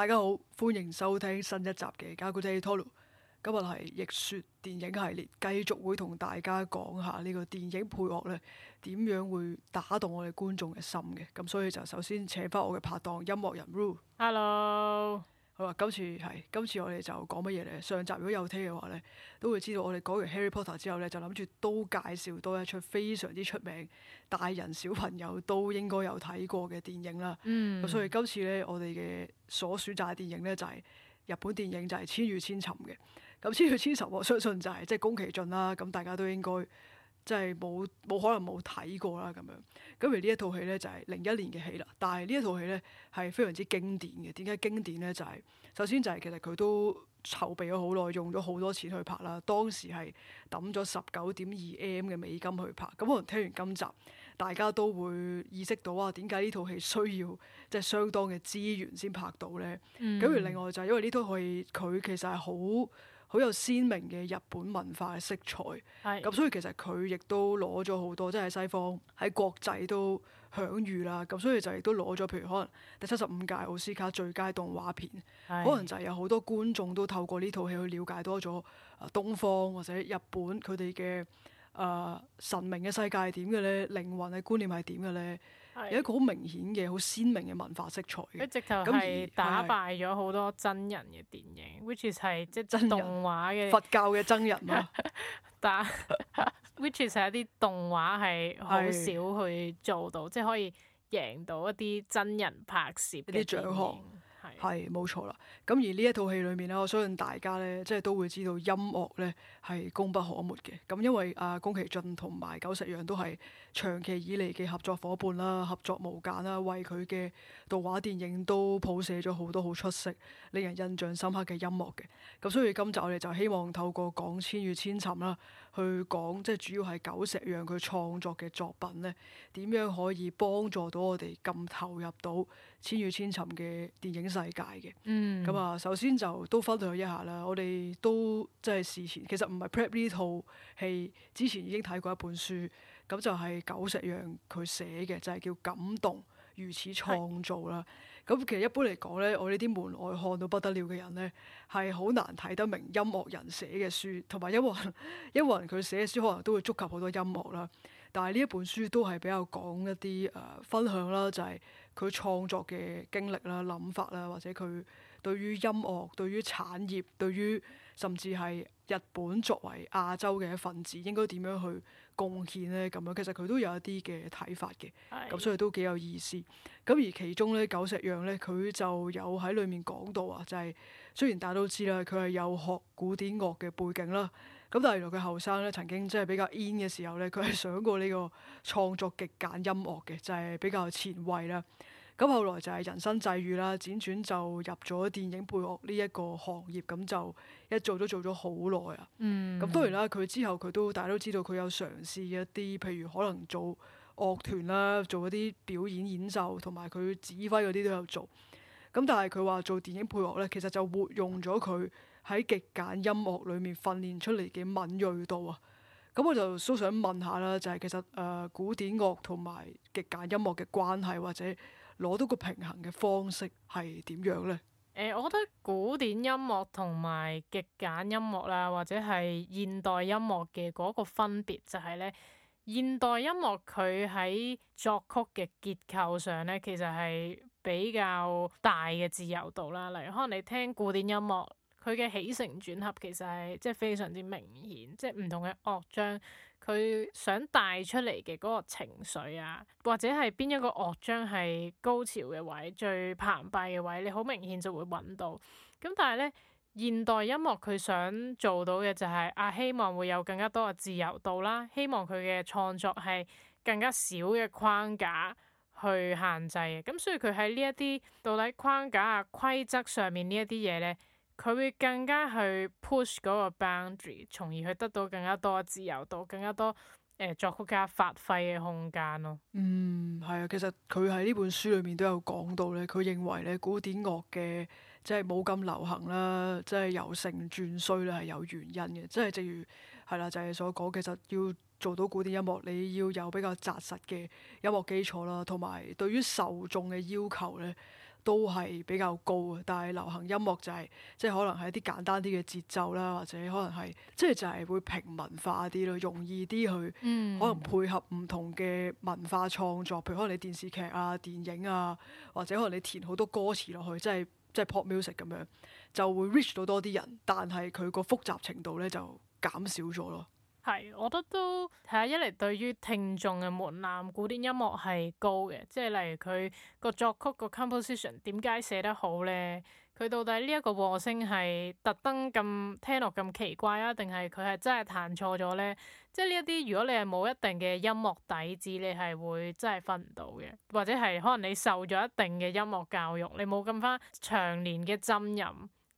大家好，歡迎收聽新一集嘅《加古鐵托魯》。今日係《逆說電影》系列，繼續會同大家講下呢個電影配樂咧點樣會打動我哋觀眾嘅心嘅。咁所以就首先請翻我嘅拍檔音樂人 Rue。Hello。今次係今次我哋就講乜嘢呢？上集如果有聽嘅話呢，都會知道我哋講完《Harry Potter》之後呢，就諗住都介紹多一出非常之出名、大人小朋友都應該有睇過嘅電影啦。咁、嗯、所以今次呢，我哋嘅所選擇嘅電影呢，就係、是、日本電影，就係《千與千尋》嘅。咁《千與千尋》我相信就係即係宮崎駿啦，咁大家都應該。即係冇冇可能冇睇過啦咁樣，咁而呢一套戲咧就係零一年嘅戲啦。但係呢一套戲咧係非常之經典嘅。點解經典咧？就係、是、首先就係其實佢都籌備咗好耐，用咗好多錢去拍啦。當時係揼咗十九點二 M 嘅美金去拍。咁可能聽完今集，大家都會意識到啊，點解呢套戲需要即係相當嘅資源先拍到咧？咁而、嗯、另外就係因為呢套戲佢其實係好，好有鮮明嘅日本文化嘅色彩，咁係所以其實佢亦都攞咗好多，即係西方喺國際都享譽啦。咁所以就亦都攞咗，譬如可能第七十五屆奧斯卡最佳動畫片，係可能就係有好多觀眾都透過呢套戲去了解多咗啊東方或者日本佢哋嘅啊神明嘅世界係點嘅咧，靈魂嘅觀念係點嘅咧。是有一個好明顯嘅、好鮮明嘅文化色彩嘅，佢直頭係打敗咗好多真人嘅電影，which is 係即真動畫嘅佛教嘅真人嘛。但 which is 係一啲動畫係好少去做到，是即係可以贏到一啲真人拍攝啲獎項。係冇錯啦，咁而呢一套戲裏面啦，我相信大家咧即係都會知道音樂咧係功不可沒嘅，咁因為啊宮崎駿同埋久石讓都係長期以嚟嘅合作伙伴啦，合作無間啦，為佢嘅動畫電影都譜寫咗好多好出色、令人印象深刻嘅音樂嘅，咁所以今集我哋就希望透過講《千與千尋》啦。去講，即係主要係久石讓佢創作嘅作品咧，點樣可以幫助到我哋咁投入到《千與千尋》嘅電影世界嘅？Mm. 嗯，咁啊，首先就都分享一下啦。我哋都即係事前，其實唔係 prep 呢套戲，之前已經睇過一本書，咁就係久石讓佢寫嘅，就係、是、叫《感動如此創造》啦。咁其實一般嚟講咧，我呢啲門外漢到不得了嘅人咧，係好難睇得明音樂人寫嘅書，同埋因為因為佢寫嘅書可能都會觸及好多音樂啦。但係呢一本書都係比較講一啲誒、呃、分享啦，就係佢創作嘅經歷啦、諗法啦，或者佢對於音樂、對於產業、對於甚至係日本作為亞洲嘅一份子應該點樣去貢獻咧咁樣，其實佢都有一啲嘅睇法嘅，咁 Yes. 所以都幾有意思。咁而其中咧，久石讓咧，佢就有喺裡面講到啊，就係雖然大家都知啦，佢係有學古典樂嘅背景啦，咁但係原來佢後生咧曾經即係比較 in 嘅時候咧，佢係想過呢個創作極簡音樂嘅，就係比較前衛啦。咁後來就係人生際遇啦，輾轉就入咗電影配樂呢一個行業，咁就一做都做咗好耐啊。咁、嗯、當然啦，佢之後佢都大家都知道佢有嘗試一啲，譬如可能做樂團啦，做一啲表演演奏，同埋佢指揮嗰啲都有做。咁但係佢話做電影配樂咧，其實就活用咗佢喺極簡音樂裏面訓練出嚟嘅敏鋭度啊。咁我就都想問下啦，就係、是、其實誒、呃、古典樂同埋極簡音樂嘅關係或者？攞到個平衡嘅方式係點樣咧？誒、欸，我覺得古典音樂同埋極簡音樂啦，或者係現代音樂嘅嗰個分別就係咧，現代音樂佢喺作曲嘅結構上咧，其實係比較大嘅自由度啦。例如，可能你聽古典音樂，佢嘅起承轉合其實係即係非常之明顯，即係唔同嘅樂章。佢想帶出嚟嘅嗰個情緒啊，或者係邊一個樂章係高潮嘅位、最澎湃嘅位，你好明顯就會揾到。咁但係呢，現代音樂佢想做到嘅就係啊，希望會有更加多嘅自由度啦，希望佢嘅創作係更加少嘅框架去限制嘅。咁所以佢喺呢一啲到底框架啊、規則上面呢一啲嘢呢。佢會更加去 push 嗰個 boundary，從而去得到更加多自由度、更加多誒、呃、作曲家發揮嘅空間咯。嗯，係啊，其實佢喺呢本書裏面都有講到咧。佢認為咧古典樂嘅即係冇咁流行啦，即係由盛轉衰咧係有原因嘅。即係正如係啦，就係、是、所講，其實要做到古典音樂，你要有比較紮實嘅音樂基礎啦，同埋對於受眾嘅要求咧。都係比較高嘅，但係流行音樂就係、是、即係可能係一啲簡單啲嘅節奏啦，或者可能係即係就係會平民化啲咯，容易啲去，可能配合唔同嘅文化創作，譬如可能你電視劇啊、電影啊，或者可能你填好多歌詞落去，即係即係 pop music 咁樣，就會 reach 到多啲人，但係佢個複雜程度咧就減少咗咯。係，我覺得都睇下一嚟對於聽眾嘅門檻，古典音樂係高嘅，即係例如佢個作曲個 composition 點解寫得好咧？佢到底呢一個和聲係特登咁聽落咁奇怪啊？定係佢係真係彈錯咗咧？即係呢一啲，如果你係冇一定嘅音樂底子，你係會真係分唔到嘅，或者係可能你受咗一定嘅音樂教育，你冇咁翻長年嘅浸淫。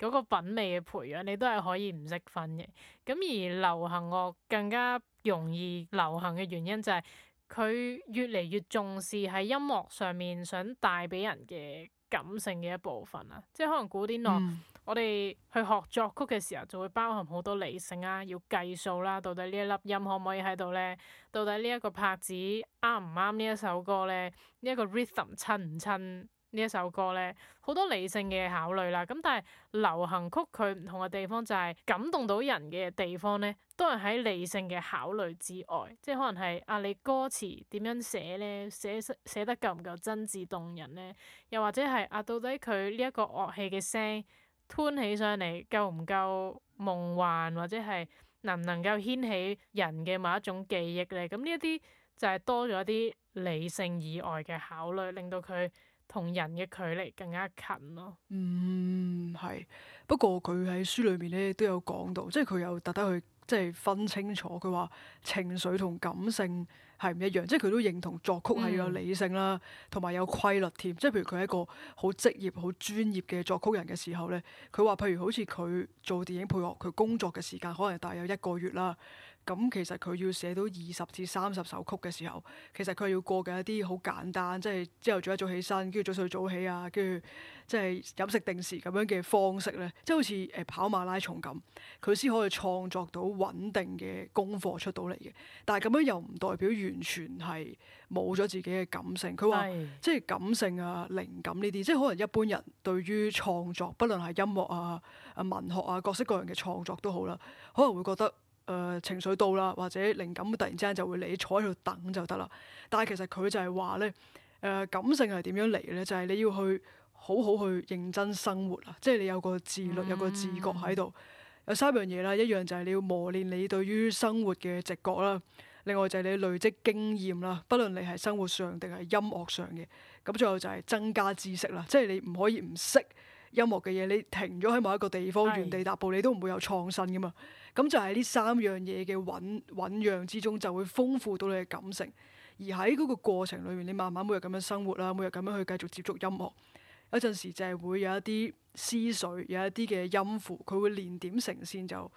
嗰個品味嘅培養，你都係可以唔識分嘅。咁而流行樂更加容易流行嘅原因就係、是、佢越嚟越重視喺音樂上面想帶俾人嘅感性嘅一部分啦。即係可能古典樂，嗯、我哋去學作曲嘅時候就會包含好多理性啊，要計數啦、啊，到底呢一粒音可唔可以喺度咧？到底呢一個拍子啱唔啱呢一首歌咧？呢、這、一個 rhythm 襯唔襯？呢一首歌咧，好多理性嘅考慮啦。咁但係流行曲佢唔同嘅地方就係感動到人嘅地方咧，都係喺理性嘅考慮之外，即係可能係啊，你歌詞點樣寫咧，寫寫得夠唔夠真摯動人咧？又或者係啊，到底佢呢一個樂器嘅聲攣起上嚟夠唔夠夢幻，或者係能唔能夠掀起人嘅某一種記憶咧？咁呢一啲就係多咗一啲理性以外嘅考慮，令到佢同人嘅距離更加近咯、哦。嗯，係，不過佢喺書裏面咧都有講到，即係佢有特登去即係分清楚。佢話情緒同感性係唔一樣，即係佢都認同作曲係要有理性啦，同埋、嗯、有，有規律添。即係譬如佢係一個好職業、好專業嘅作曲人嘅時候咧，佢話譬如好似佢做電影配樂，佢工作嘅時間可能大約一個月啦。咁其實佢要寫到二十至三十首曲嘅時候，其實佢要過嘅一啲好簡單，即係朝頭早一早起身，跟住早睡早起啊，跟住即係飲食定時咁樣嘅方式咧，即係好似誒跑馬拉松咁，佢先可以創作到穩定嘅功課出到嚟嘅。但係咁樣又唔代表完全係冇咗自己嘅感性。佢話即係感性啊、靈感呢啲，即係可能一般人對於創作，不論係音樂啊、文學啊、各式各樣嘅創作都好啦，可能會覺得。誒、呃、情緒到啦，或者靈感突然之間就會嚟，坐喺度等就得啦。但係其實佢就係話咧，誒、呃、感性係點樣嚟咧？就係、是、你要去好好去認真生活啊，即係你有個自律、嗯、有個自覺喺度。嗯、有三樣嘢啦，一樣就係你要磨練你對於生活嘅直覺啦。另外就係你累積經驗啦，不論你係生活上定係音樂上嘅。咁最後就係增加知識啦，即係你唔可以唔識音樂嘅嘢。你停咗喺某一個地方原地踏步，你都唔會有創新㗎嘛。咁就喺呢三樣嘢嘅醞醞釀之中，就會豐富到你嘅感情。而喺嗰個過程裏面，你慢慢每日咁樣生活啦，每日咁樣去繼續接觸音樂。有陣時就係會有一啲思緒，有一啲嘅音符，佢會連點成線，就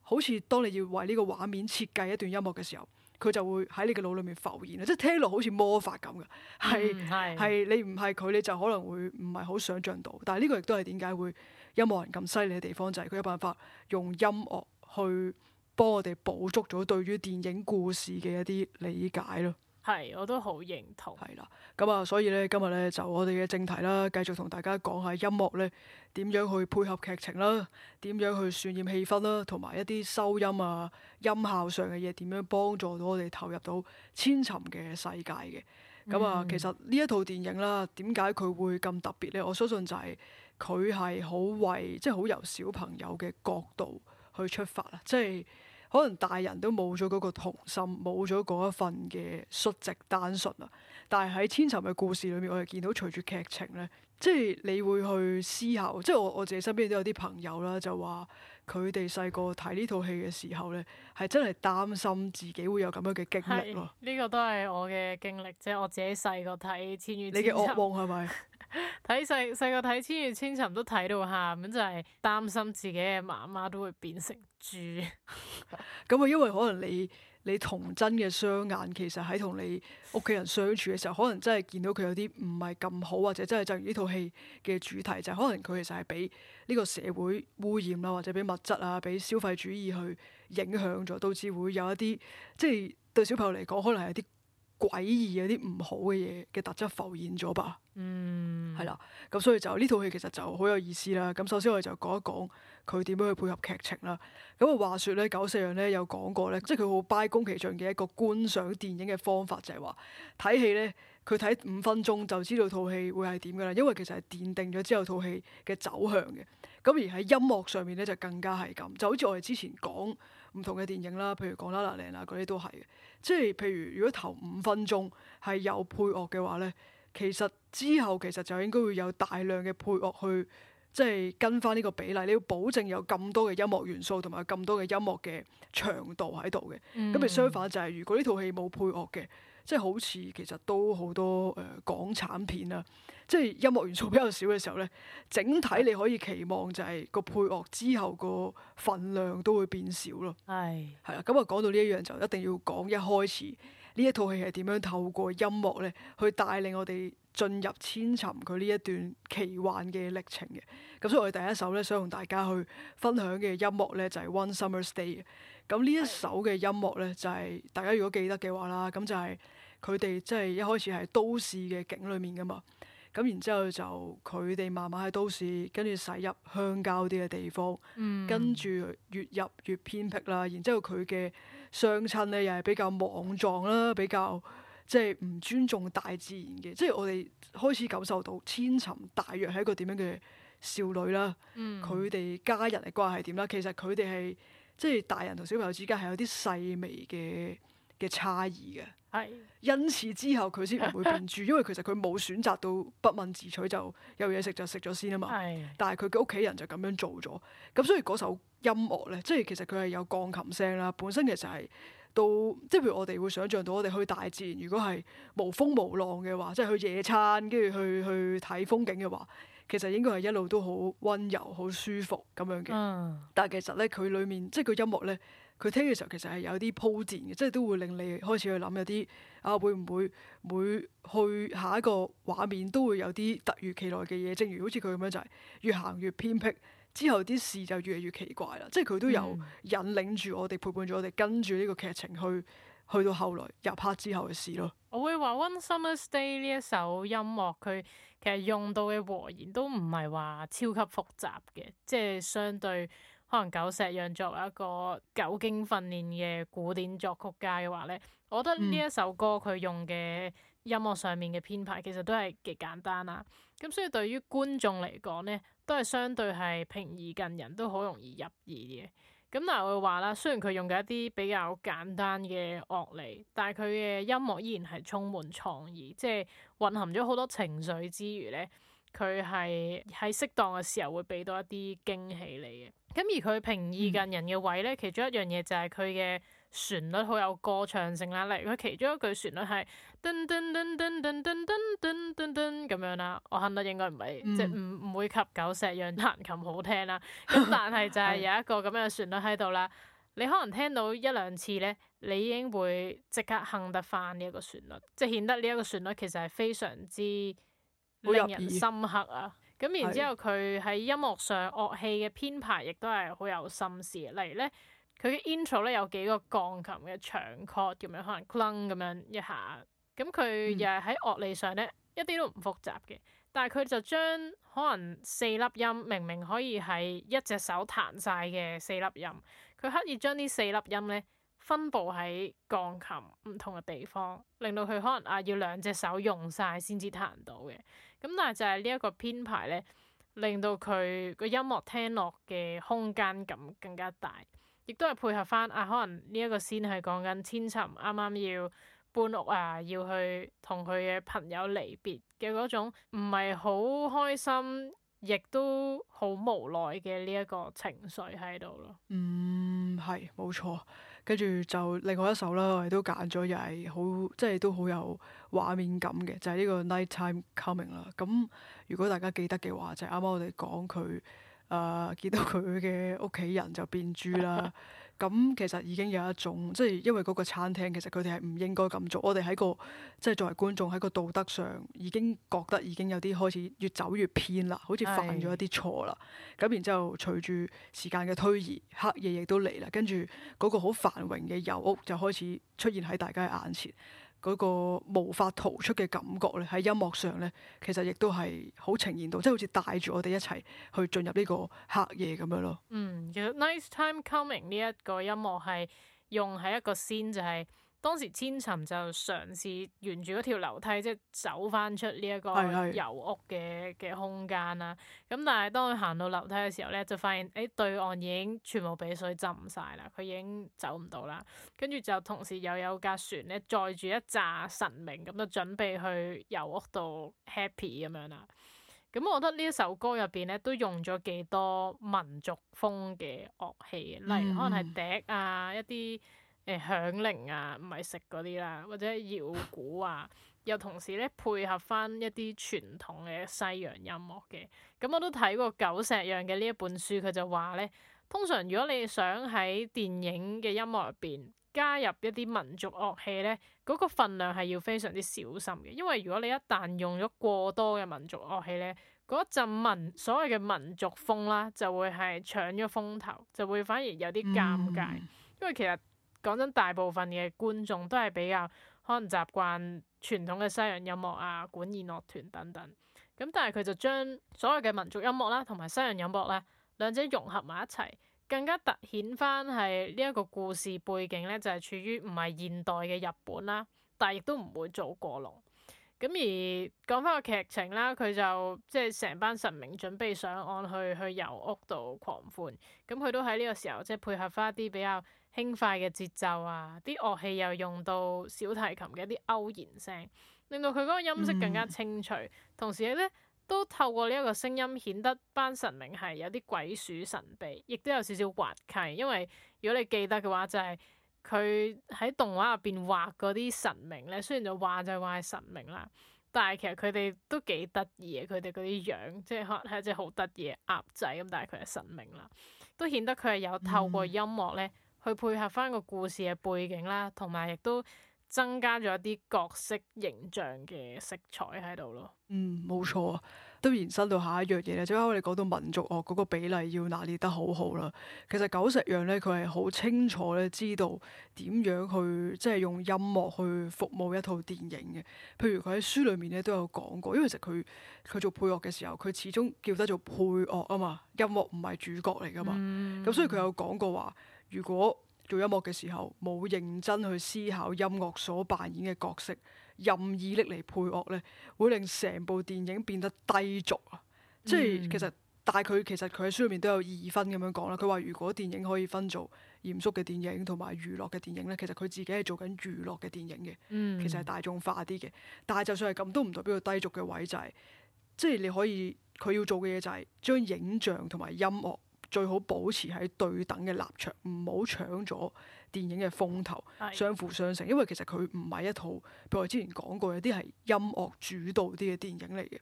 好似當你要為呢個畫面設計一段音樂嘅時候，佢就會喺你嘅腦裏面浮現。即係聽落好似魔法咁嘅，係係係你唔係佢，你就可能會唔係好想像到。但係呢個亦都係點解會音樂人咁犀利嘅地方，就係、係、佢有辦法用音樂。去幫我哋捕捉咗對於電影故事嘅一啲理解咯。係，我都好認同。係啦，咁啊，所以呢，今日呢，就我哋嘅正題啦，繼續同大家講下音樂呢，點樣去配合劇情啦，點樣去渲染氣氛啦，同埋一啲收音啊、音效上嘅嘢，點樣幫助到我哋投入到千尋嘅世界嘅。咁、嗯、啊，其實呢一套電影啦，點解佢會咁特別呢？我相信就係佢係好為即係好由小朋友嘅角度。去出發啦，即係可能大人都冇咗嗰個童心，冇咗嗰一份嘅率直單純啦。但係喺千尋嘅故事裏面，我哋見到隨住劇情咧，即係你會去思考。即係我我自己身邊都有啲朋友啦，就話佢哋細個睇呢套戲嘅時候咧，係真係擔心自己會有咁樣嘅經歷咯。呢個都係我嘅經歷，即係、這個我，就是、我自己細個睇《千與千尋》。你嘅噩夢係咪？ 睇細細個睇《千與千尋》都睇到吓，咁就係、是、擔心自己嘅媽媽都會變成豬。咁啊，因為可能你你童真嘅雙眼，其實喺同你屋企人相處嘅時候，可能真係見到佢有啲唔係咁好，或者真係就如呢套戲嘅主題就係、是、可能佢其實係俾呢個社會污染啦，或者俾物質啊、俾消費主義去影響咗，導致會有一啲即係對小朋友嚟講，可能係啲。詭異嗰啲唔好嘅嘢嘅特質浮現咗吧？嗯，係啦，咁所以就呢套戲其實就好有意思啦。咁首先我哋就講一講佢點樣去配合劇情啦。咁話說咧，九四樣咧有講過咧，即係佢好拜宮崎駿嘅一個觀賞電影嘅方法，就係話睇戲咧，佢睇五分鐘就知道套戲會係點噶啦。因為其實係奠定咗之後套戲嘅走向嘅。咁而喺音樂上面咧就更加係咁，就好似我哋之前講。唔同嘅電影啦，譬如《講啦啦靚啦》嗰啲都係嘅，即係譬如如果頭五分鐘係有配樂嘅話呢，其實之後其實就應該會有大量嘅配樂去即係、就是、跟翻呢個比例，你要保證有咁多嘅音樂元素同埋咁多嘅音樂嘅長度喺度嘅。咁咪、嗯、相反就係、是，如果呢套戲冇配樂嘅。即係好似其實都好多誒、呃、港產片啊！即係音樂元素比較少嘅時候咧，整體你可以期望就係個配樂之後個份量都會變少咯。係係啦，咁啊，講到呢一樣，就一定要講一開始呢一套戲係點樣透過音樂咧去帶領我哋進入千尋佢呢一段奇幻嘅歷程嘅。咁所以我哋第一首咧，想同大家去分享嘅音樂咧就係、是、One Summer's Day。咁呢一首嘅音樂咧就係、是、大家如果記得嘅話啦，咁就係、是。佢哋即係一開始係都市嘅景裏面噶嘛，咁然之後就佢哋慢慢喺都市，跟住駛入鄉郊啲嘅地方，嗯、跟住越入越偏僻啦。然之後佢嘅雙親呢，又係比較莽撞啦，比較即係唔尊重大自然嘅。即係我哋開始感受到千尋大約係一個點樣嘅少女啦。佢哋、嗯、家人嘅關係係點啦？其實佢哋係即係大人同小朋友之間係有啲細微嘅嘅差異嘅，Yes. 因此之後佢先唔會變豬， 因為其實佢冇選擇到不問自取就有嘢食就食咗先啊嘛。Yes. 但係佢嘅屋企人就咁樣做咗，咁所以嗰首音樂呢，即係其實佢係有鋼琴聲啦。本身其實係到，即係譬如我哋會想象到我哋去大自然，如果係無風無浪嘅話，即係去野餐，跟住去去睇風景嘅話，其實應該係一路都好温柔、好舒服咁樣嘅。Mm. 但係其實呢，佢裡面即係佢音樂呢。佢聽嘅時候其實係有啲鋪墊嘅，即係都會令你開始去諗有啲啊，會唔會每去下一個畫面都會有啲突如其來嘅嘢？正如好似佢咁樣就係越行越偏僻，之後啲事就越嚟越奇怪啦。即係佢都有引領住我哋，嗯、陪伴住我哋，跟住呢個劇情去去到後來入黑之後嘅事咯。我會話《One Summer Day》呢一首音樂，佢其實用到嘅和弦都唔係話超級複雜嘅，即係相對。可能久石讓作為一個久經訓練嘅古典作曲家嘅話咧，我覺得呢一首歌佢用嘅音樂上面嘅編排其實都係極簡單啦。咁所以對於觀眾嚟講咧，都係相對係平易近人，都好容易入耳嘅。咁但係我會話啦，雖然佢用嘅一啲比較簡單嘅樂理，但係佢嘅音樂依然係充滿創意，即係蘊含咗好多情緒之餘咧，佢係喺適當嘅時候會俾到一啲驚喜你嘅。咁而佢平易近人嘅位咧，其中一樣嘢就係佢嘅旋律好有歌唱性啦。例如佢其中一句旋律係噹噹噹噹噹噹噹咁樣啦，我哼得應該唔係，即係唔唔會及久石讓彈琴好聽啦。咁但係就係有一個咁樣嘅旋律喺度啦，你可能聽到一兩次咧，你已經會即刻哼得翻呢一個旋律，即係顯得呢一個旋律其實係非常之令人深刻啊！咁然之後，佢喺音樂上樂器嘅編排亦都係好有心思。例如咧，佢嘅 intro 咧，有幾個鋼琴嘅長 note 咁樣，叫咩可能 clang 咁樣一下。咁佢又係喺樂理上咧，一啲都唔複雜嘅，但係佢就將可能四粒音，明明可以係一隻手彈晒嘅四粒音，佢刻意將呢四粒音咧，分佈喺鋼琴唔同嘅地方，令到佢可能啊要兩隻手用晒先至彈到嘅。咁但係就係呢一個編排咧，令到佢個音樂聽落嘅空間感更加大，亦都係配合翻啊，可能呢一個先係講緊千尋啱啱要搬屋啊，要去同佢嘅朋友離別嘅嗰種唔係好開心，亦都好無奈嘅呢一個情緒喺度咯。嗯，係，冇錯，跟住就另外一首啦，我哋都揀咗，又係好，即係都好有。畫面咁嘅就係呢個 nighttime coming 啦。咁如果大家記得嘅話，就啱啱我哋講佢誒見到佢嘅屋企人就變豬啦。咁 其實已經有一種即係因為嗰個餐廳，其實佢哋係唔應該咁做。我哋喺個即係作為觀眾喺個道德上已經覺得已經有啲開始越走越偏啦，好似犯咗一啲錯啦。咁 然之後隨住時間嘅推移，黑夜亦都嚟啦，跟住嗰個好繁榮嘅油屋就開始出現喺大家眼前。嗰個無法逃出嘅感覺咧，喺音樂上咧，其實亦都係好呈現到，即係好似帶住我哋一齊去進入呢個黑夜咁樣咯。嗯，其實《Nice Time Coming》呢一個音樂係用喺一個 scene 就係。當時千尋就嘗試沿住嗰條樓梯，即係走翻出呢一個遊屋嘅嘅是空間啦。咁但係當佢行到樓梯嘅時候咧，就發現誒、欸、對岸已經全部俾水浸晒啦，佢已經走唔到啦。跟住就同時又有架船咧，載住一揸神明咁就準備去遊屋度 happy 咁樣啦。咁我覺得呢一首歌入邊咧都用咗幾多民族風嘅樂器，嗯、例如可能係笛啊一啲。誒、呃、響鈴啊，唔係食嗰啲啦，或者搖鼓啊，又同時咧配合翻一啲傳統嘅西洋音樂嘅。咁我都睇過久石讓嘅呢一本書，佢就話咧，通常如果你想喺電影嘅音樂入邊加入一啲民族樂器咧，嗰、那個份量係要非常之小心嘅，因為如果你一旦用咗過多嘅民族樂器咧，嗰陣民所謂嘅民族風啦，就會係搶咗風頭，就會反而有啲尷尬，嗯、因為其實。講真，大部分嘅觀眾都係比較可能習慣傳統嘅西洋音樂啊、管弦樂團等等。咁但係佢就將所有嘅民族音樂啦，同埋西洋音樂咧，兩者融合埋一齊，更加凸顯翻，係呢一個故事背景咧，就係、是、處於唔係現代嘅日本啦，但係亦都唔會做過龍。咁而講翻個劇情啦，佢就即係成班神明準備上岸去去油屋度狂歡。咁佢都喺呢個時候即係配合翻一啲比較。輕快嘅節奏啊，啲樂器又用到小提琴嘅一啲勾弦聲，令到佢嗰個音色更加清脆。Mm hmm. 同時咧，都透過呢一個聲音，顯得班神明係有啲鬼鼠神秘，亦都有少少滑稽。因為如果你記得嘅話，就係佢喺動畫入邊畫嗰啲神明咧，雖然就話就係話係神明啦，但係其實佢哋都幾得意嘅。佢哋嗰啲樣即係可能係一隻好得意嘅鴨仔咁，但係佢係神明啦，都顯得佢係有透過音樂咧。Mm hmm. 去配合翻個故事嘅背景啦，同埋亦都增加咗一啲角色形象嘅色彩喺度咯。嗯，冇錯，都延伸到下一樣嘢咧。即係啱啱我哋講到民族樂嗰個比例要拿捏得好好啦。其實久石讓咧，佢係好清楚咧，知道點樣去即係用音樂去服務一套電影嘅。譬如佢喺書裏面咧都有講過，因為其實佢佢做配樂嘅時候，佢始終叫得做配樂啊嘛，音樂唔係主角嚟噶嘛。咁、嗯、所以佢有講過話，如果做音樂嘅時候冇認真去思考音樂所扮演嘅角色，任意拎嚟配樂呢，會令成部電影變得低俗啊！嗯、即係其實，但係佢其實佢喺書裏面都有二分咁樣講啦。佢話如果電影可以分做嚴肅嘅電影同埋娛樂嘅電影呢，其實佢自己係做緊娛樂嘅電影嘅，其實係、嗯、大眾化啲嘅。但係就算係咁，都唔代表低俗嘅位就係、是，即係你可以佢要做嘅嘢就係、是、將影像同埋音樂。最好保持喺對等嘅立場，唔好搶咗電影嘅風頭，的相輔相成。因為其實佢唔係一套，譬如我之前講過，有啲係音樂主導啲嘅電影嚟嘅。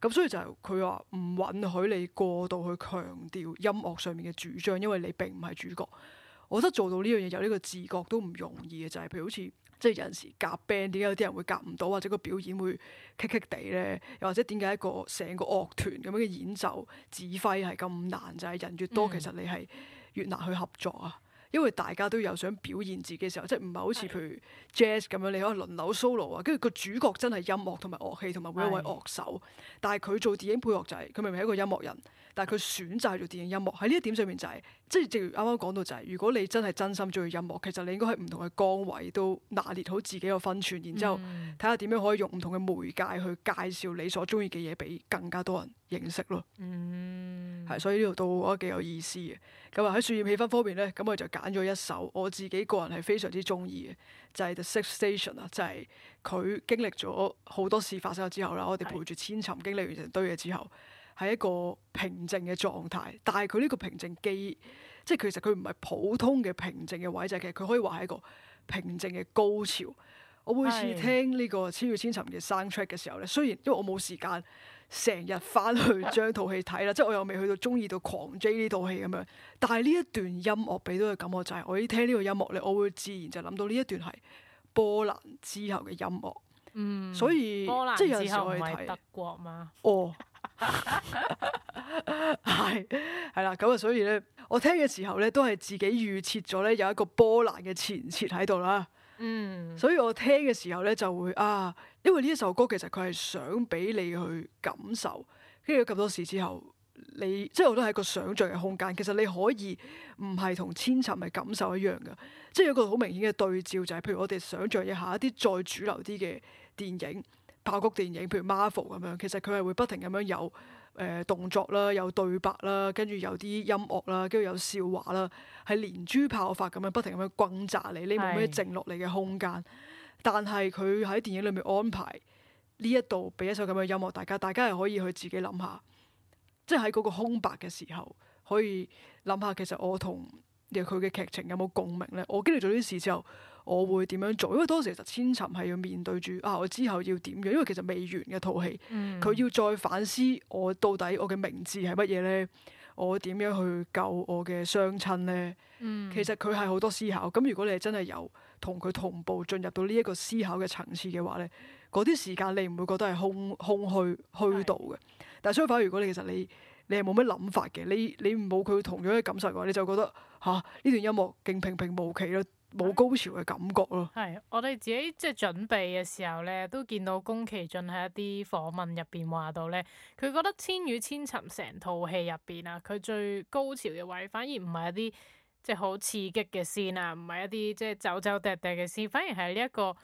咁所以就係佢話唔允許你過度去強調音樂上面嘅主張，因為你並唔係主角。我覺得做到呢樣嘢有呢個自覺都唔容易嘅，就係、是、譬如好似。即係有陣時夾 band，點解有啲人會夾唔到，或者個表演會棘棘地咧？又或者點解一個成個樂團咁樣嘅演奏指揮係咁難？就係、是、人越多，嗯、其實你係越難去合作啊！因為大家都有想表現自己嘅時候，即係唔係好似譬如 Jazz 咁樣，你可以輪流 Solo 啊，跟住個主角真係音樂同埋樂器同埋每位樂手，嗯、但係佢做電影配樂就係、是、佢明明係一個音樂人，但係佢選擇做電影音樂喺呢一點上面就係、是。即係正如啱啱講到就係，如果你真係真心中意音樂，其實你應該喺唔同嘅崗位都拿捏好自己嘅分寸，mm. 然之後睇下點樣可以用唔同嘅媒介去介紹你所中意嘅嘢俾更加多人認識咯。係、mm.，所以呢度都我覺得幾有意思嘅。咁啊喺樹葉氣氛方面咧，咁我就揀咗一首我自己個人係非常之中意嘅，就係、是、The Sixth Station 啦。就係佢經歷咗好多事發生咗之後啦，我哋陪住千尋經歷完成堆嘢之後。係一個平靜嘅狀態，但係佢呢個平靜既，即係其實佢唔係普通嘅平靜嘅位，就係其實佢可以話係一個平靜嘅高潮。我每次聽呢個《千與千尋》嘅 soundtrack 嘅時候咧，雖然因為我冇時間成日翻去將套戲睇啦， 即係我又未去到中意到狂追呢套戲咁樣，但係呢一段音樂俾到嘅感覺就係、是，我一聽呢個音樂咧，我會自然就諗到呢一段係波瀾之後嘅音樂。嗯，所以波蘭即係有時候去睇德國嘛？哦，係係啦，咁啊，所以咧，我聽嘅時候咧，都係自己預設咗咧有一個波蘭嘅前設喺度啦。嗯，所以我聽嘅時候咧就會啊，因為呢一首歌其實佢係想俾你去感受，跟住咁多事之後，你即係我都係個想象嘅空間。其實你可以唔係同千尋嘅感受一樣噶，即係有個好明顯嘅對照，就係譬如我哋想象一下一啲再主流啲嘅。電影爆谷電影，譬如 Marvel 咁樣，其實佢係會不停咁樣有誒、呃、動作啦，有對白啦，跟住有啲音樂啦，跟住有笑話啦，係連珠炮發咁樣不停咁樣轟炸你，是你冇咩靜落嚟嘅空間。但係佢喺電影裏面安排呢一度俾一首咁嘅音樂，大家大家係可以去自己諗下，即係喺嗰個空白嘅時候可以諗下，其實我同佢嘅劇情有冇共鳴咧？我經歷咗啲事之後。我會點樣做？因為當時其實千尋係要面對住啊，我之後要點樣？因為其實未完嘅套戲，佢、嗯、要再反思我到底我嘅名字係乜嘢呢？我點樣去救我嘅雙親呢？嗯、其實佢係好多思考。咁如果你真係有同佢同步進入到呢一個思考嘅層次嘅話呢，嗰啲時間你唔會覺得係空空虛虛度嘅。的但相反，如果你其實你你係冇乜諗法嘅，你你冇佢同樣嘅感受嘅話，你就覺得嚇呢、啊、段音樂勁平平無奇啦。冇高潮嘅感覺咯。係，我哋自己即係準備嘅時候咧，都見到宮崎駿喺一啲訪問入邊話到咧，佢覺得《千與千尋》成套戲入邊啊，佢最高潮嘅位反而唔係一啲即係好刺激嘅線啊，唔係一啲即係走走滴滴嘅線，反而係呢一個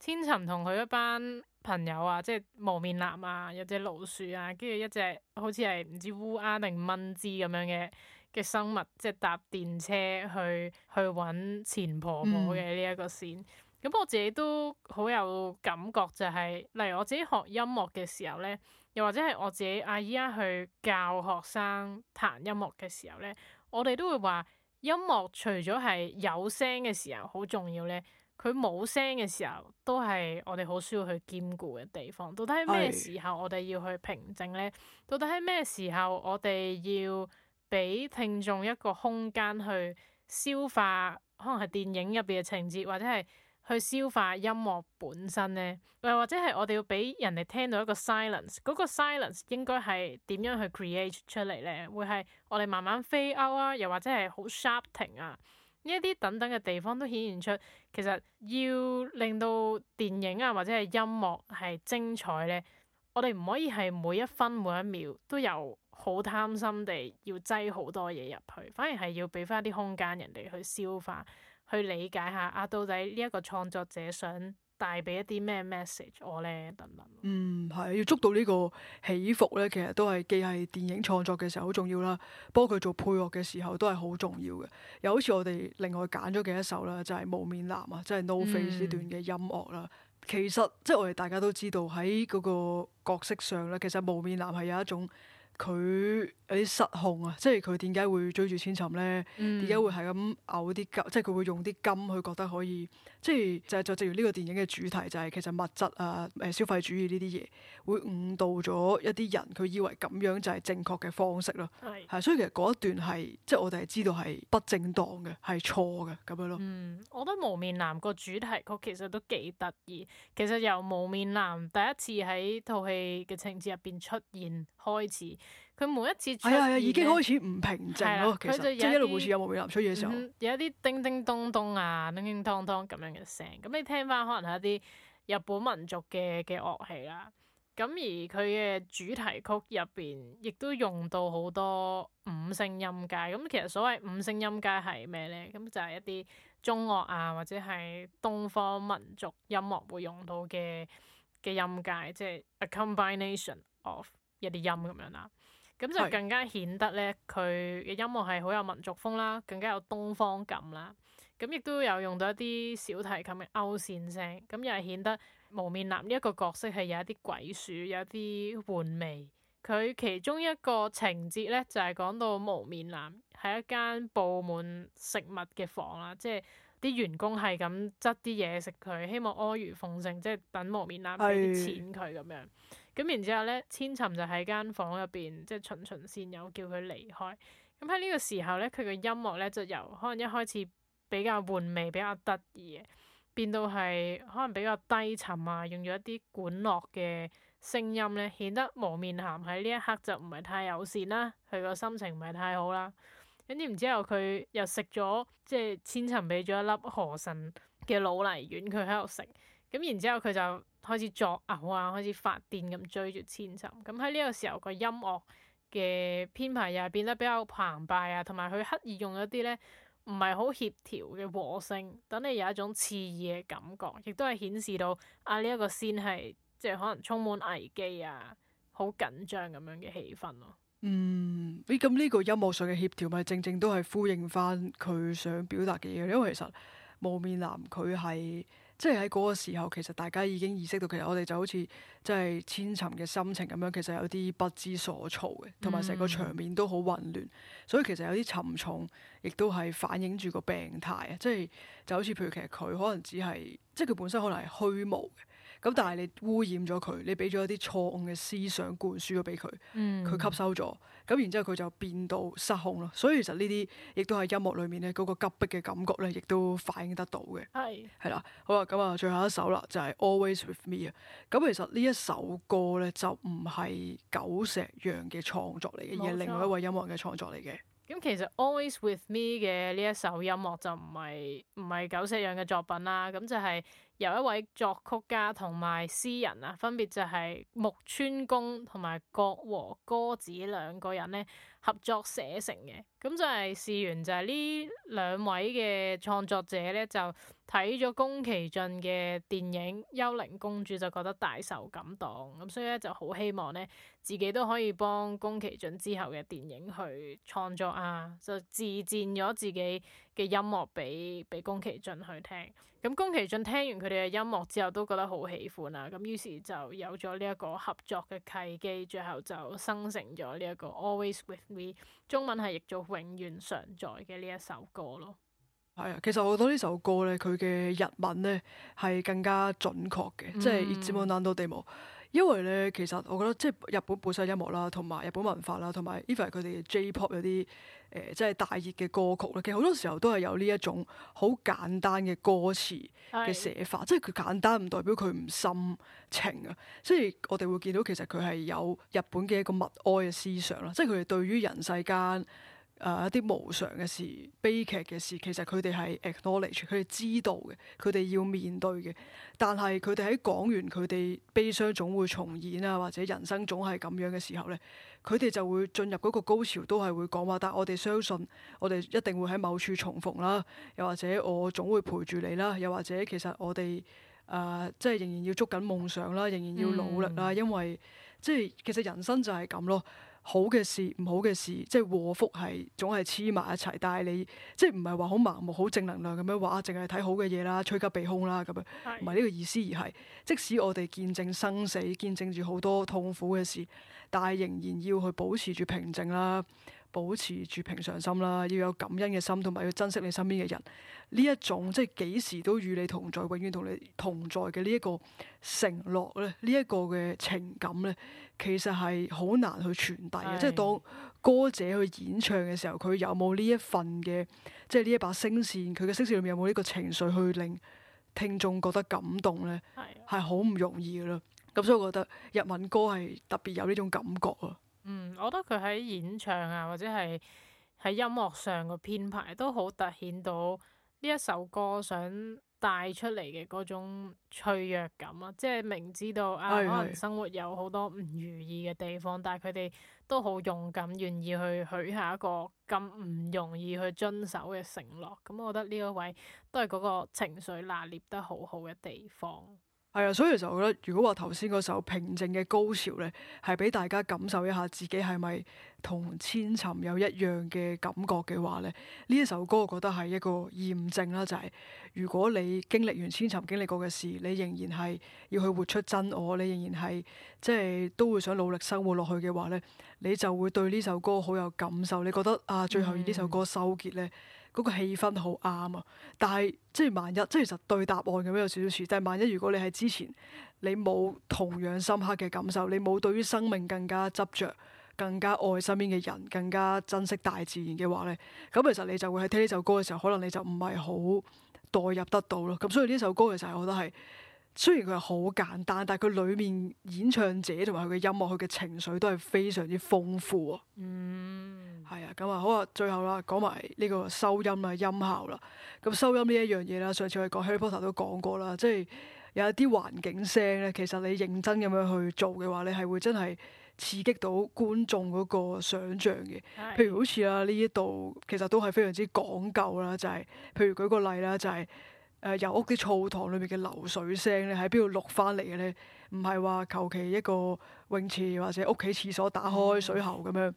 千尋同佢一班朋友啊，即係無面男啊，有隻老鼠啊，跟住一隻好似係唔知烏鴉定蚊枝咁樣嘅。嘅生物即係搭電車去去揾前婆婆嘅呢一個線咁，嗯、我自己都好有感覺就係、是，例如我自己學音樂嘅時候咧，又或者係我自己啊依家，去教學生彈音樂嘅時候咧，我哋都會話音樂除咗係有聲嘅時候好重要咧，佢冇聲嘅時候都係我哋好需要去兼顧嘅地方。到底喺咩時候我哋要去平靜咧？到底喺咩時候我哋要？俾聽眾一個空間去消化，可能係電影入邊嘅情節，或者係去消化音樂本身咧，又或者係我哋要俾人哋聽到一個 silence，嗰個 silence 應該係點樣去 create 出嚟咧？會係我哋慢慢 fade out 啊，又或者係好 sharp 停啊？呢一啲等等嘅地方都顯現出，其實要令到電影啊或者係音樂係精彩咧，我哋唔可以係每一分每一秒都有。好貪心地要擠好多嘢入去，反而係要俾翻啲空間人哋去消化、去理解下啊。到底呢一個創作者想帶俾一啲咩 message 我咧？等等，嗯，係要捉到呢個起伏咧，其實都係既係電影創作嘅時候好重要啦。幫佢做配樂嘅時候都係好重要嘅。又好似我哋另外揀咗嘅一首啦，就係、是《無面男》啊，就是嗯、即係 No Face 段嘅音樂啦。其實即係我哋大家都知道喺嗰個角色上啦，其實《無面男》係有一種。佢有啲失控啊！即係佢點解會追住千尋咧？點解、嗯、會係咁嘔啲金？即係佢會用啲金，去覺得可以，即係就就正如呢個電影嘅主題，就係、是、其實物質啊、誒、呃、消費主義呢啲嘢會誤導咗一啲人，佢以為咁樣就係正確嘅方式咯。係是，所以其實嗰一段係即係我哋係知道係不正當嘅，係錯嘅咁樣咯。嗯，我覺得《無面男》個主題曲其實都幾得意。其實由《無面男》第一次喺套戲嘅情節入邊出現。開始佢每一次，係係係已經開始唔平靜咯。其實即係一路每次有無面男出嘢嘅時候，有一啲叮叮咚咚啊、叮叮噹噹咁樣嘅聲。咁你聽翻可能係一啲日本民族嘅嘅樂器啦。咁而佢嘅主題曲入邊亦都用到好多五聲音階。咁其實所謂五聲音階係咩咧？咁就係一啲中樂啊，或者係東方民族音樂會用到嘅嘅音階，即係 a combination of 一啲音咁樣啦，咁就更加顯得咧佢嘅音樂係好有民族風啦，更加有東方感啦。咁亦都有用到一啲小提琴嘅勾弦聲，咁又係顯得無面男呢一個角色係有一啲鬼鼠，有啲玩味。佢其中一個情節咧，就係、是、講到無面男喺一間布滿食物嘅房啦，即係啲員工係咁執啲嘢食佢，希望阿諛奉承，即係等無面男俾錢佢咁樣。咁然之後咧，千尋就喺間房入邊，即係循循善誘叫佢離開。咁喺呢個時候咧，佢嘅音樂咧就由可能一開始比較玩味、比較得意嘅，變到係可能比較低沉啊，用咗一啲管樂嘅聲音咧，顯得無面涵，喺呢一刻就唔係太友善啦，佢個心情唔係太好啦。跟住然之後，佢又食咗即係千尋俾咗一粒河神嘅老泥丸，佢喺度食。咁然之後佢就開始作嘔啊，開始發癲咁追住千尋。咁喺呢個時候個音樂嘅編排又係變得比較澎湃啊，同埋佢刻意用一啲咧唔係好協調嘅和聲，等你有一種刺耳嘅感覺，亦都係顯示到啊呢一個 scene 係即係可能充滿危機啊，好緊張咁樣嘅氣氛咯。嗯，你咁呢個音樂上嘅協調咪正正都係呼應翻佢想表達嘅嘢，因為其實無面男佢係。即係喺嗰個時候，其實大家已經意識到，其實我哋就好似即係千尋嘅心情咁樣，其實有啲不知所措嘅，同埋成個場面都好混亂。所以其實有啲沉重，亦都係反映住個病態啊！即係就好似譬如，其實佢可能只係即係佢本身可能係虛無嘅。咁但係你污染咗佢，你俾咗一啲錯誤嘅思想灌輸咗俾佢，佢、嗯、吸收咗，咁然之後佢就變到失控咯。所以其實呢啲亦都喺音樂裏面咧嗰、那個急迫嘅感覺咧，亦都反映得到嘅。係係啦，好啦，咁、嗯、啊，最後一首啦，就係 Always With Me 啊。咁、嗯、其實呢一首歌咧就唔係久石讓嘅創作嚟嘅，冇錯而係另外一位音樂人嘅創作嚟嘅。咁其實 Always With Me 嘅呢一首音樂就唔係唔係久石讓嘅作品啦，咁就係、是。由一位作曲家同埋詩人啊，分別就係木村公同埋國和歌子兩個人咧合作寫成嘅。咁就係事緣就係呢兩位嘅創作者咧，就睇咗宮崎駿嘅電影《幽靈公主》，就覺得大受感動。咁所以咧就好希望咧自己都可以幫宮崎駿之後嘅電影去創作啊，就自薦咗自己。嘅音樂俾俾宮崎駿去聽，咁宮崎駿聽完佢哋嘅音樂之後都覺得好喜歡啦，咁於是就有咗呢一個合作嘅契機，最後就生成咗呢一個 Always With Me，中文係譯做永遠常在嘅呢一首歌咯。係啊，其實我覺得呢首歌咧，佢嘅日文咧係更加準確嘅，嗯、即係 Itsumo Nando Demo，因為咧其實我覺得即係日本本身音樂啦，同埋日本文化啦，同埋 even 佢哋嘅 J-pop 有啲。誒、呃，即係大熱嘅歌曲啦。其實好多時候都係有呢一種好簡單嘅歌詞嘅寫法，Yes. 即係佢簡單唔代表佢唔深情啊。即係我哋會見到其實佢係有日本嘅一個物哀嘅思想啦，即係佢哋對於人世間。誒、呃、一啲無常嘅事、悲劇嘅事，其實佢哋係 acknowledge，佢哋知道嘅，佢哋要面對嘅。但係佢哋喺講完佢哋悲傷總會重演啊，或者人生總係咁樣嘅時候咧，佢哋就會進入嗰個高潮，都係會講話。但我哋相信，我哋一定會喺某處重逢啦，又或者我總會陪住你啦，又或者其實我哋誒、呃、即係仍然要捉緊夢想啦，仍然要努力啦，因為即係其實人生就係咁咯。好嘅事，唔好嘅事，即係禍福係總係黐埋一齊。但係你即係唔係話好盲目、好正能量咁樣話，淨係睇好嘅嘢啦，趨吉避凶啦，咁樣唔係呢個意思而，而係即使我哋見證生死、見證住好多痛苦嘅事，但係仍然要去保持住平靜啦。保持住平常心啦，要有感恩嘅心，同埋要珍惜你身邊嘅人。呢一種，即係幾時都與你同在，永遠同你同在嘅呢一個承諾咧，呢一個嘅情感咧，其實係好難去傳遞嘅。的即係當歌者去演唱嘅時候，佢有冇呢一份嘅即係呢一把聲線，佢嘅聲線裏面有冇呢個情緒去令聽眾覺得感動咧？係好唔容易噶咯，咁所以我覺得日文歌係特別有呢種感覺。啊。嗯，我覺得佢喺演唱啊，或者係喺音樂上個編排都好突顯到呢一首歌想帶出嚟嘅嗰種脆弱感啊！即係明知道啊，是是可能生活有好多唔如意嘅地方，但係佢哋都好勇敢，願意去許下一個咁唔容易去遵守嘅承諾。咁、嗯、我覺得呢一位都係嗰個情緒拿捏得好好嘅地方。係啊，所以其實我覺得，如果話頭先嗰首平靜嘅高潮呢，係俾大家感受一下自己係咪同千尋有一樣嘅感覺嘅話呢，呢一首歌我覺得係一個驗證啦，就係、是、如果你經歷完千尋經歷過嘅事，你仍然係要去活出真我，你仍然係即係都會想努力生活落去嘅話呢，你就會對呢首歌好有感受，你覺得啊，最後呢首歌收、嗯、結呢？嗰個氣氛好啱啊！但係即係萬一，即係其實對答案咁樣有少少似，但係萬一如果你係之前你冇同樣深刻嘅感受，你冇對於生命更加執着、更加愛身邊嘅人、更加珍惜大自然嘅話呢，咁其實你就會喺聽呢首歌嘅時候，可能你就唔係好代入得到咯。咁所以呢首歌其實我覺得係。雖然佢係好簡單，但係佢裏面演唱者同埋佢嘅音樂、佢嘅情緒都係非常之豐富啊。嗯，係啊，咁啊，好啊，最後啦，講埋呢個收音啦、音效啦。咁收音呢一樣嘢啦，上次我哋講 Harry Potter 都講過啦，即係有一啲環境聲咧，其實你認真咁樣去做嘅話，你係會真係刺激到觀眾嗰個想像嘅。係。譬如好似啦，呢一度其實都係非常之講究啦，就係，譬如舉個例啦，就係。誒遊、呃、屋啲澡堂裏面嘅流水聲咧，喺邊度錄翻嚟嘅咧？唔係話求其一個泳池或者屋企廁所打開水喉咁樣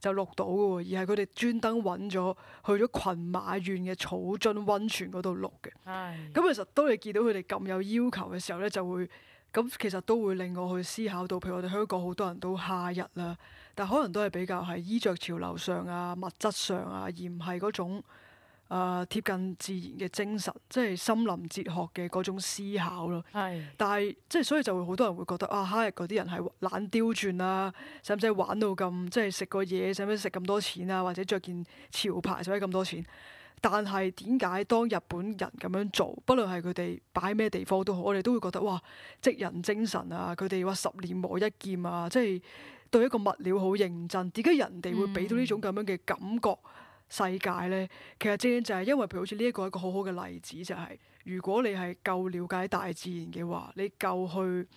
就錄到嘅喎，而係佢哋專登揾咗去咗群馬縣嘅草津溫泉嗰度錄嘅。咁唉、嗯、其實都係見到佢哋咁有要求嘅時候咧，就會咁其實都會令我去思考到，譬如我哋香港好多人都夏日啦，但可能都係比較係衣着潮流上啊、物質上啊，而唔係嗰種。誒、呃、貼近自然嘅精神，即係森林哲學嘅嗰種思考咯。係的，但係即係所以就會好多人會覺得啊，哈日嗰啲人係懶刁鑽啊，使唔使玩到咁？即係食個嘢，使唔使食咁多錢啊？或者着件潮牌，使唔使咁多錢、啊？但係點解當日本人咁樣做，不論係佢哋擺咩地方都好，我哋都會覺得哇，職人精神啊！佢哋話十年磨一劍啊，即係對一個物料好認真。點解人哋會俾到呢種咁樣嘅感覺、嗯？世界呢，其實正正就係因為譬如好似呢一個一個好好嘅例子、就是，就係如果你係夠了解大自然嘅話，你夠去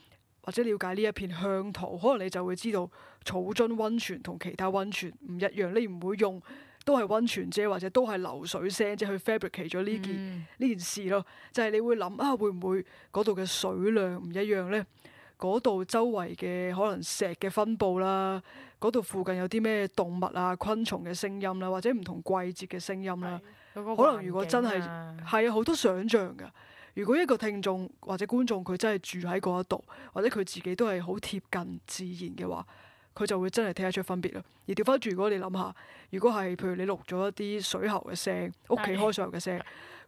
或者了解呢一片鄉土，可能你就會知道草津溫泉同其他溫泉唔一樣。你唔會用都係溫泉啫，或者都係流水聲啫，去 fabricate 咗呢件呢、嗯、件事咯。就係、是、你會諗啊，會唔會嗰度嘅水量唔一樣呢？嗰度周圍嘅可能石嘅分布啦。嗰度附近有啲咩動物啊、昆蟲嘅聲音啦、啊，或者唔同季節嘅聲音啦、啊，音樂可能如果真係係有好多想像嘅。如果一個聽眾或者觀眾佢真係住喺嗰一度，或者佢自己都係好貼近自然嘅話，佢就會真係聽得出分別啦。而調翻住，如果你諗下，如果係譬如你錄咗一啲水喉嘅聲、屋企 開水喉嘅聲，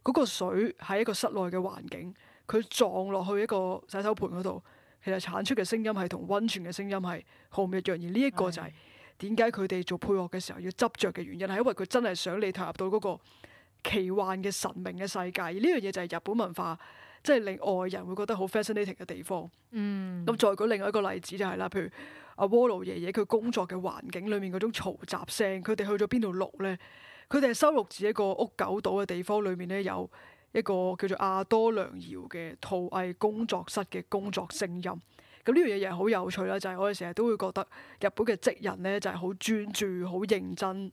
嗰 個水喺一個室內嘅環境，佢撞落去一個洗手盆嗰度。其實產出嘅聲音係同溫泉嘅聲音係好唔一樣，而呢一個就係點解佢哋做配樂嘅時候要執着嘅原因，係因為佢真係想你投入到嗰個奇幻嘅神明嘅世界。而呢樣嘢就係日本文化，即係令外人會覺得好 fascinating 嘅地方。嗯，咁再舉另外一個例子就係啦，譬如阿 w a 鍋爐爺爺佢工作嘅環境裏面嗰種嘈雜聲，佢哋去咗邊度錄呢？佢哋係收錄自一個屋久島嘅地方裏面呢。有。一個叫做阿多良瑤嘅陶藝工作室嘅工作聲音，咁呢樣嘢係好有趣啦！就係我哋成日都會覺得日本嘅職人呢，就係好專注、好認真。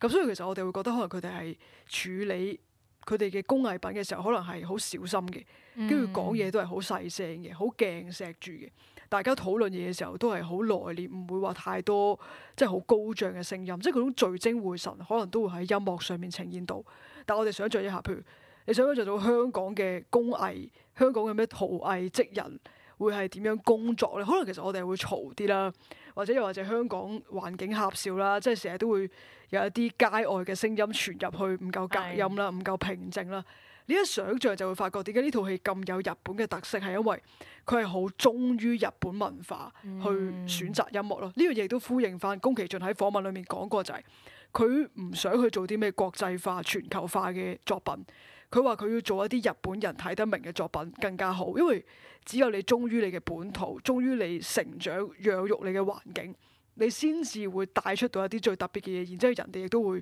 咁所以其實我哋會覺得可能佢哋係處理佢哋嘅工藝品嘅時候，可能係好小心嘅，跟住講嘢都係好細聲嘅，好鏡錫住嘅。大家討論嘢嘅時候都係好內斂，唔會話太多，即係好高漲嘅聲音，即係嗰種聚精會神，可能都會喺音樂上面呈現到。但我哋想像一下，譬如～你想唔想做到香港嘅工藝，香港嘅咩陶藝職人會係點樣工作咧？可能其實我哋係會嘈啲啦，或者又或者香港環境狹小啦，即係成日都會有一啲街外嘅聲音傳入去，唔夠隔音啦，唔夠平靜啦。的你一想像就會發覺點解呢套戲咁有日本嘅特色，係因為佢係好忠於日本文化去選擇音樂咯。呢、嗯、樣嘢都呼應翻宮崎駿喺訪問裏面講過就係佢唔想去做啲咩國際化、全球化嘅作品。佢話：佢要做一啲日本人睇得明嘅作品更加好，因為只有你忠於你嘅本土，忠於你成長養育你嘅環境，你先至會帶出到一啲最特別嘅嘢，然之後人哋亦都會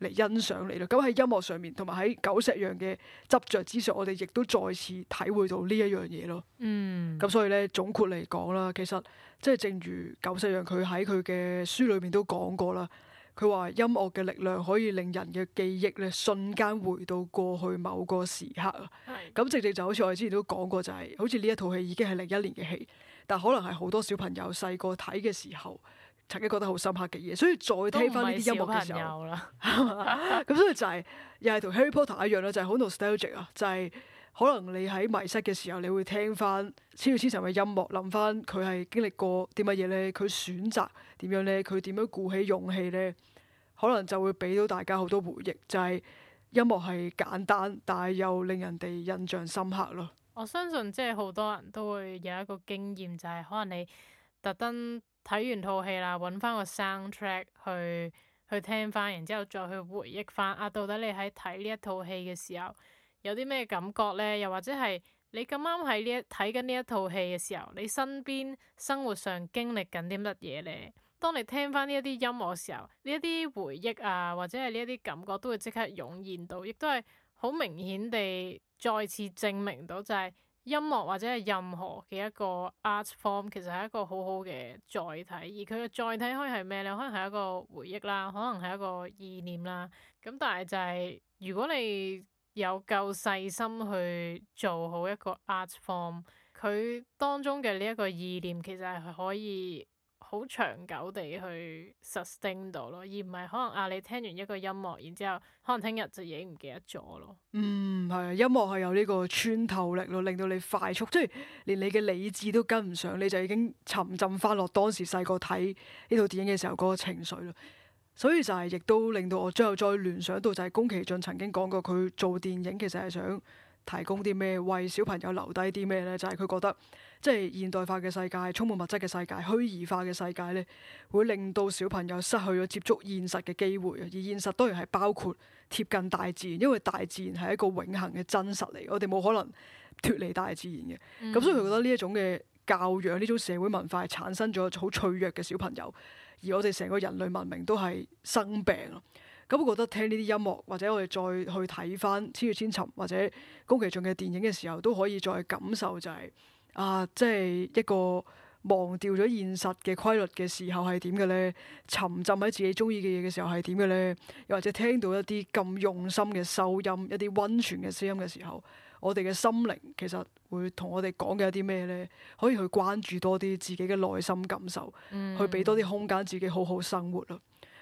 嚟欣賞你咯。咁喺音樂上面，同埋喺久石讓嘅執着之上，我哋亦都再次體會到呢一樣嘢咯。嗯，咁所以呢，總括嚟講啦，其實即係正如久石讓佢喺佢嘅書裏面都講過啦。佢話音樂嘅力量可以令人嘅記憶咧瞬間回到過去某個時刻啊！咁直直就好似我哋之前都講過、就係，就係好似呢一套戲已經係零一年嘅戲，但可能係好多小朋友細個睇嘅時候,時候曾經覺得好深刻嘅嘢，所以再聽翻呢啲音樂嘅時候，咁 所以就係、係、又係同 Harry Potter 一樣啦，就係、係、好 nostalgic 啊，就係、係。可能你喺迷失嘅時候，你會聽翻千與千尋嘅音樂，諗翻佢係經歷過啲乜嘢咧？佢選擇點樣咧？佢點樣鼓起勇氣咧？可能就會俾到大家好多回憶，就係音樂係簡單，但係又令人哋印象深刻咯。我相信即係好多人都會有一個經驗，就係可能你特登睇完套戲啦，揾翻個 soundtrack 去去聽翻，然之後再去回憶翻啊！到底你喺睇呢一套戲嘅時候？有啲咩感覺咧？又或者係你咁啱喺呢一睇緊呢一套戲嘅時候，你身邊生活上經歷緊啲乜嘢咧？當你聽翻呢一啲音樂嘅時候，呢一啲回憶啊，或者係呢一啲感覺都會即刻湧現到，亦都係好明顯地再次證明到就係音樂或者係任何嘅一個 art form 其實係一個好好嘅載體，而佢嘅載體可以係咩咧？可能係一個回憶啦，可能係一個意念啦。咁但係就係如果你有夠細心去做好一個 art form，佢當中嘅呢一個意念其實係可以好長久地去 sustain 到咯，而唔係可能啊你聽完一個音樂，然之後可能聽日就已經唔記得咗咯。嗯，係啊，音樂係有呢個穿透力咯，令到你快速，即係連你嘅理智都跟唔上，你就已經沉浸翻落當時細個睇呢套電影嘅時候嗰個情緒咯。所以就係亦都令到我最後再聯想到就係宮崎駿曾經講過佢做電影其實係想提供啲咩，為小朋友留低啲咩咧？就係、是、佢覺得即係現代化嘅世界，充滿物質嘅世界、虛擬化嘅世界咧，會令到小朋友失去咗接觸現實嘅機會啊，而現實當然係包括貼近大自然，因為大自然係一個永恆嘅真實嚟，我哋冇可能脫離大自然嘅。咁、嗯、所以佢覺得呢一種嘅教養呢種社會文化產生咗好脆弱嘅小朋友。而我哋成個人類文明都係生病啊！咁我覺得聽呢啲音樂，或者我哋再去睇翻《千與千尋》或者宮崎駿嘅電影嘅時候，都可以再感受就係、是、啊，即係一個忘掉咗現實嘅規律嘅時候係點嘅呢？沉浸喺自己中意嘅嘢嘅時候係點嘅呢？又或者聽到一啲咁用心嘅收音、一啲溫泉嘅聲音嘅時候，我哋嘅心靈其實～會同我哋講嘅一啲咩呢？可以去關注多啲自己嘅內心感受，去俾多啲空間自己好好生活啦。嗯、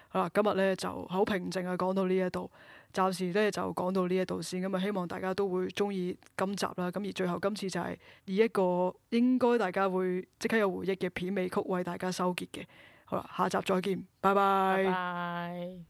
好啦，今日呢就好平靜啊，講到呢一度，暫時呢就講到呢一度先咁啊。希望大家都會中意今集啦。咁而最後今次就係以一個應該大家會即刻有回憶嘅片尾曲為大家收結嘅。好啦，下集再見，拜拜。拜拜。